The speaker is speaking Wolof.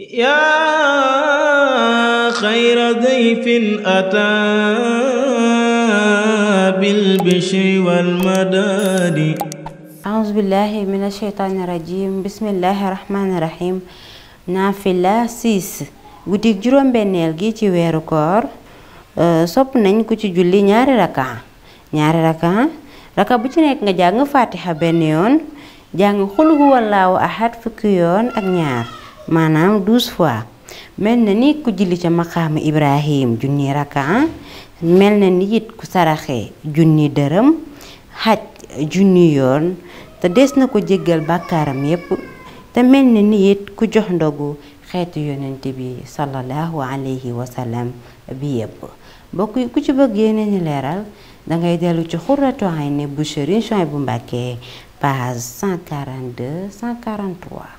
yaa xayra dayfin ataa bil bishri wal madaadi auzu billahi min asheytaani rajim bismillahi rahmaani rahim naafila 6 juróom-benneel gi ci weeru koor sopp nañ ku ci julli ñaari rakaa ñaari rakaa raka bu ci nekk nga jàng fatiha benn yoon jàng xul huwallaahu ahad fukki yoon ak ñaar maanaam douze fois mel na ni ku jilli ca maqaama Ibrahim junni rakaa mel na ni it ku saraxe junni dërëm xaj junni yoon te des na ko jéggal bàkkaaram yépp te mel na ni it ku jox ndogu xeetu yonent bi sallallahu alayhi wa sallam bi yépp bokk ku ci bëggee yeneen leeral dangay dellu ci xurratu ayni bu Serigne Souhaïbou Mbacké page 142 143